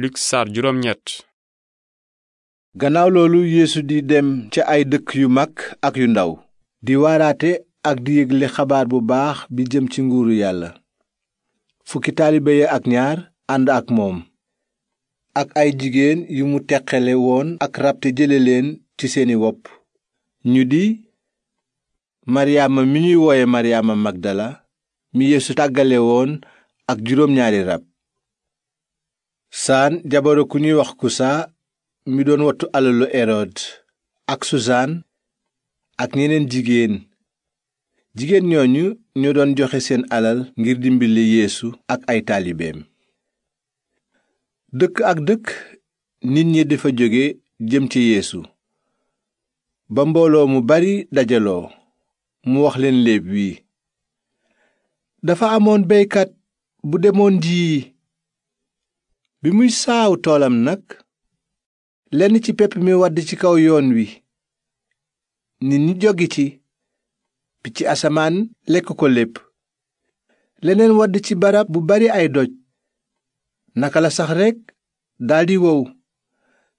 Luk saar juróom gannaaw loolu yéesu di dem ca ay dëkk yu mag ak yu ndaw di waaraate ak di yégle xabaar bu baax bi jëm ci nguuru yàlla fukki taalibe ya ak ñaar ànd ak moom ak ay jigéen yu mu teqale woon ak rab te jële leen ci seeni wopp ñu di maryaama mi ñuy wooye maryaama magdala mi yéesu tàggale woon ak juróom ñaari rab saan jabaru ku ñuy wax kusa mi doon wattu alalu erod ak susaan ak ñeneen jigéen jigéen ñooñu ñoo doon joxe seen alal ngir dimbali yéesu ak ay taalibeem dëkk ak dëkk nit ñi dafa jóge jëm ci yéesu ba mbooloo mu bari dajaloo mu wax leen léeb wi dafa amoon beykat bu demoon ji bi muy saaw toolam nag lenn ci pepp mi wadd ci kaw yoon wi nit ñi joggi ci ci asamaan lekk ko lépp leneen wadd ci barab bu bari ay doj naka la sax rekk daldi wow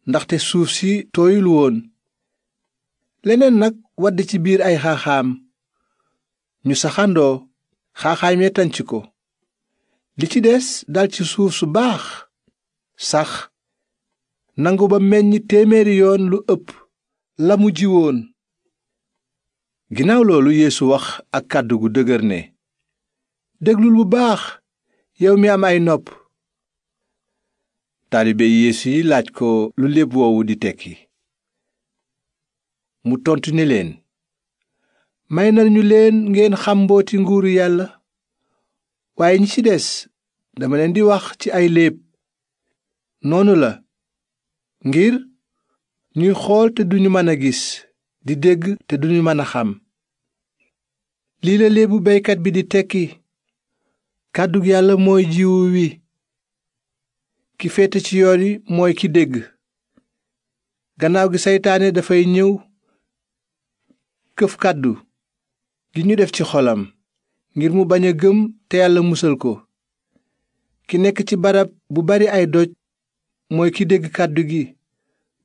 ndaxte suuf si tooyul woon leneen nag wadd ci biir ay xaaxaam ñu saxandoo xaaxaam ya tànc ko li ci des dal ci suuf su baax sax nangu ba meññ téeméeri yoon lu ëpp la mu jiwoon ginnaaw loolu yéesu wax ak kàddu gu dëgër ne déglul bu baax yow mi am ay nopp taalibe yeesu yi laaj ko lu léeb woowu di tekki mu tontu ni leen may nañu leen ngeen xam mbooti nguuru yàlla waaye ñi ci des dama leen di wax ci ay léeb noonu la ngir ñuy xool te duñu mën a gis di dégg te duñu mën a xam lii la léebu baykat bi di tekki kàddug yàlla mooy jiwu wi ki féete ci yoon yi mooy ki dégg gannaaw gi seytaane dafay ñëw këf kàddu gi ñu def ci xolam ngir mu bañ a gëm te yàlla musal ko ki nekk ci barab bu bari ay doj mooy ki dégg kàddu gi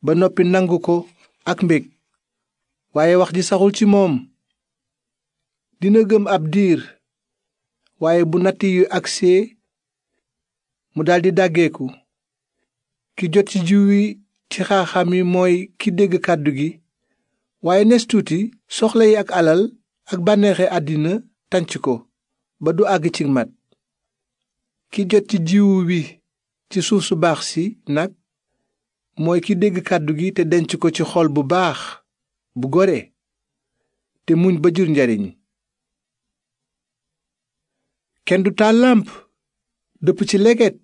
ba noppi nangu ko ak mbég waaye wax ji saxul ci moom dina gëm ab diir waaye bu natt yu agsee mu daldi dàggeeku ki jot ci jiw wi ci xaaxam yi mooy ki dégg kàddu gi waaye nes tuuti soxla yi ak alal ak bànneexe àddina tànc ko ba du àgg ci mat ki jot ci jiwu wi ci suuf su baax si nag mooy ki dégg kàddu gi te denc ko ci xool bu baax bu gore te muñ ba jur njariñ kenn du tàllamp làmp dëpp ci leget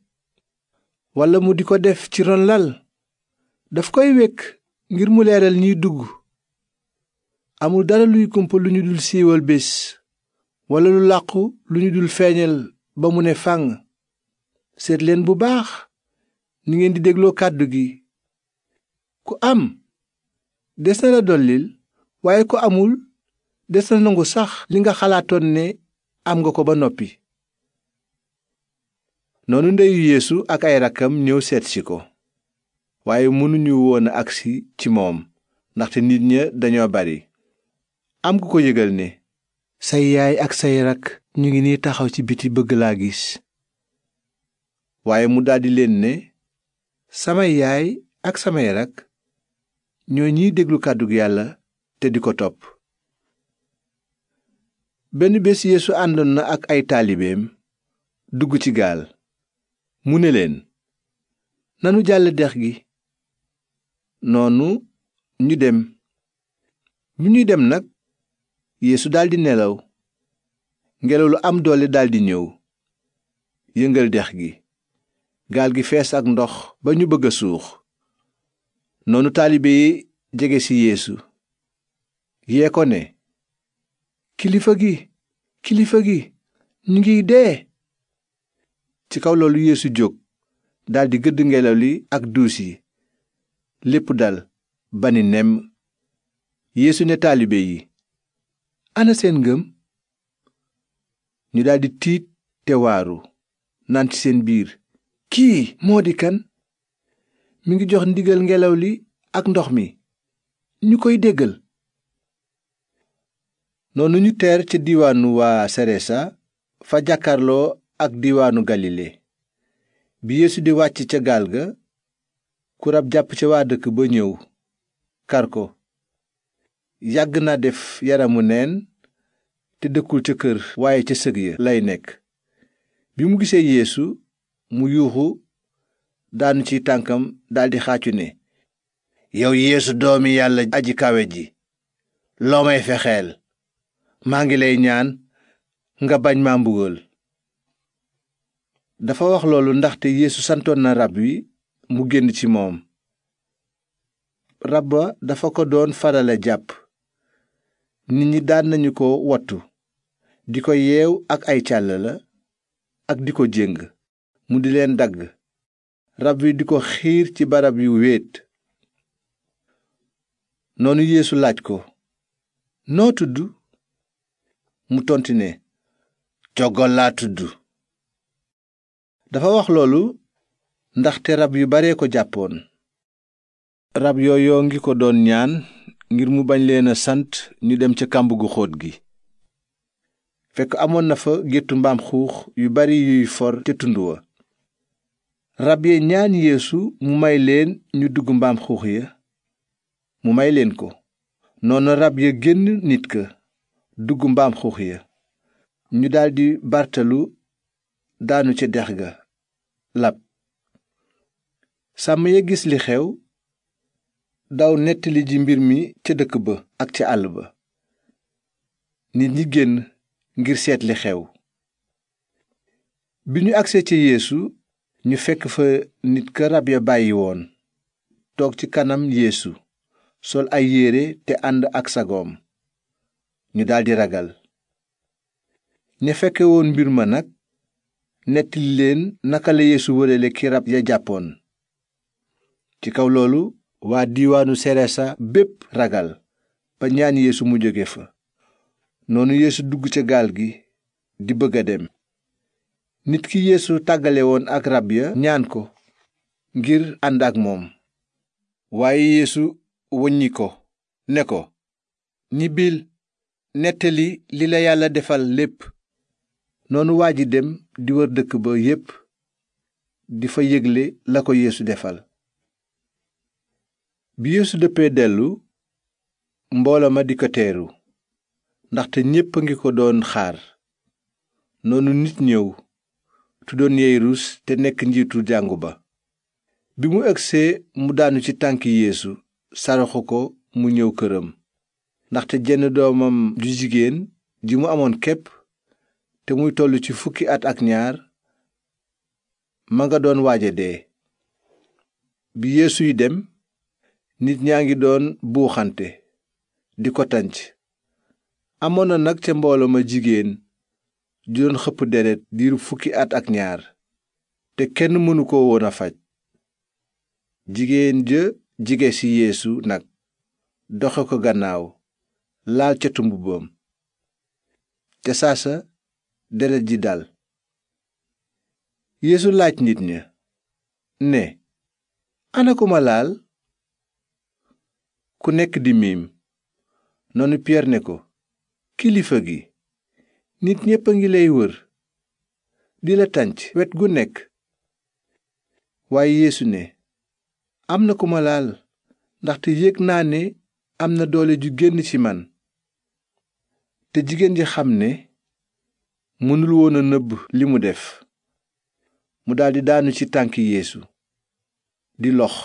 walla mu di ko def ci ron lal daf koy wekk ngir mu leeral ñiy dugg amul dara luy kumpa lu ñu dul siiwal bés walla lu làqu lu ñu dul feeñal ba mu ne fànn seet leen bu baax ñu ngeen di dégloo kàddu gi ku am des na la dollil waaye ko amul des na nangu sax li nga xalaatoon ne am nga ko ba noppi noonu ndeyu yéesu ak ay rakkam ñëw seetsi ko waaye mënuñu woon agsi ci moom ndaxte nit ña dañoo bari am ku ko yëgal ne say yaay ak say rakk ñu ngi nii taxaw ci biti bëgg laa gis waaye mu daldi leen ne samay yaay ak samay rak ñoo ñiy déglu kàddu yàlla te di ko topp benn bés yeesu ànd na ak ay taalibeem dugg ci gaal mu ne leen nanu jàll dex gi noonu ñu dem bi ñuy dem nag yéesu daldi nelaw ngelaw lu am doole daldi ñëw yëngal dex gi gaal gi fees ak ndox ba ñu bëgg a suux noonu taalibe yi jege ci yéesu yee ko ne kilifa gi kilifa gi ñu ngiy dee ci kaw loolu yéesu jóg daldi gëdd ngelaw li ak duus yi lépp dal bani nem yeesu ne taalibe yi ana seen ngëm ñu daldi tiit te waaru naan ci seen biir kii moo di kan mi ngi jox ndigal ngelaw li ak ndox mi ñu koy déggal noonu ñu teer ca diwaanu waa seresa fa jàkkarloo ak diwaanu galile bi yeesu di wàcc ca gaal ga ku rab jàpp ca waa dëkk ba ñëw kar ko yàgg na def yaramu neen te dëkkul ca kër waaye ca sëg ya lay nekk bi mu gisee yeesu mu yuuxu daanu ci tànkam daldi xaacu ne yow yeesu doomi yàlla aji kawe ji loo may fexeel maa ngi lay ñaan nga bañ ma mbugal dafa wax loolu ndaxte yeesu santoon na rab wi mu génn ci moom rab wa dafa ko doon farale jàpp nit ñi daan nañu ko wattu di ko yeew ak ay càll la ak di ko jéng mu di leen dagg rab wi di ko xiir ci barab yu wéet noonu yéesu laaj ko noo tudd mu tontu ne coggol laa tudd dafa wax loolu ndaxte rab yu baree ko jàppoon rab yoo yoo ngi ko doon ñaan ngir mu bañ leen a sant ñu dem ca kàmb gu xóot gi fekk amoon na fa géttu mbaam xuux yu bari yuy for ca tund wa rab ya ñaan yéesu mu may leen ñu dugg mbaam xuux ya mu may leen ko noonu rab ya génn nit ka dugg mbaam xuux ya ñu daldi bartalu daanu ca dex ga lab sàmm ya gis li xew daw nettali ji mbir mi ca dëkk ba ak ca àll ba nit ñi génn ngir seetli li xew bi ñu agsee ca yéesu ñu fekk fa nit ka rab ya bàyyi woon toog ci kanam yéesu sol ay yére te ànd ak sagoom ñu daldi ragal ña fekke woon mbir ma nag nettali leen naka la yeesu wërale ki rab ya jàppoon ci kaw loolu waa diiwaanu sa bépp ragal ba ñaan yeesu mu jóge fa noonu yéesu dugg ca gaal gi di bëgg a dem nit ki yeesu tàggalewoon ak rab ya ñaan ko ngir ànd ak moom waaye yeesu woññi ko ne ko ñibbil nettali li la yàlla defal lépp noonu waa ji dem di wër dëkk ba yépp di fa yégle la ko yéesu defal bi yeesu dëppee dellu mboolo ma di ko teeru ndaxte ñépp a ngi ko doon xaar noonu nit ñëw tuddoon yayrus te nekk njiitu jàngu ba bi mu egsee mu daanu ci tànk yéesu saraxu ko mu ñëw këram ndaxte jenn doomam ju jigéen ji mu amoon képp te muy toll ci fukki at ak ñaar ma nga doon waaja dee bi yeesuy dem nit ñaa ngi doon buuxante di ko tànc amoon na nag ca mbooloo ma jigéen di xëpp deret diiru fukki at ak ñaar te kenn mënu ko woon a faj jigéen ja jige ci yeesu nag doxe ko gannaaw laal ca mbubbam te saa sa deret ji dal yéesu laaj nit ña ne ana laal ku nekk di miim noonu piyeer ne ko kilifa gi nit ñépp a ngi lay wër di la tànc wet gu nekk waaye yeesu ne am na ku ma laal ndaxte yéeg naa ne am na doole ju génn ci man te jigéen ji xam ne mënul woon a nëbb li mu def mu daldi daanu ci tànk yeesu di lox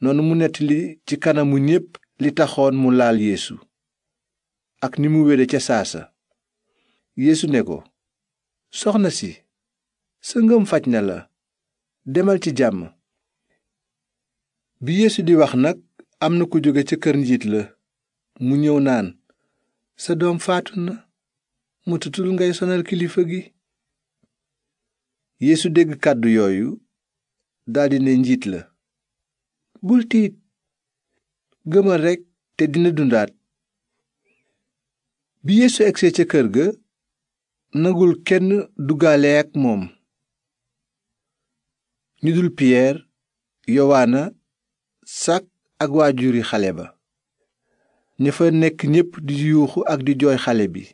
noonu mu nettali ci kanamu ñépp li taxoon mu laal yeesu ak ni mu wére ca saasa yeesu ne ko soxna si sa ngëm faj na la demal ci jàmm bi yéesu di wax nag am na ku jóge ca kër njiit la mu ñëw naan sa doom faatu na matatul ngay sonal kilifa gi yéesu dégg kàddu yooyu daldi ne njiit la bul tiit gëmal rekk te dina dundaat bi yeesu egsee ca kër ga nagul kenn duggaale moom ñu dul piyeer yowaana sak ak waajuri xale ba ña fa nekk ñépp di yuuxu ak di jooy xale bi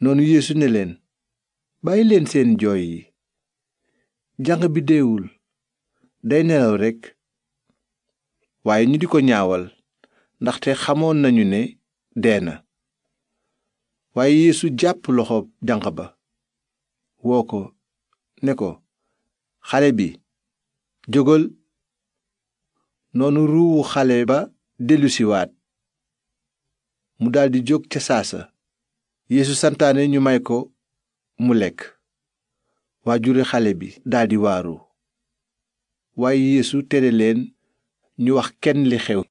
noonu yeesu ne leen bàyyi leen seen jooy yi janq bi deewul day nelaw rekk waaye ñu di ko ñaawal ndaxte xamoon nañu ne dee na waaye yeesu jàpp loxo janq ba woo ko né ko xale bi jógal noonu ruuwu xale ba dellusiwaat mu daldi jóg ca saasa yeesu santaane ñu may ko mu lekk waa waajuri xale bi daldi waaru waaye yeesu tere leen ñu wax kenn li xew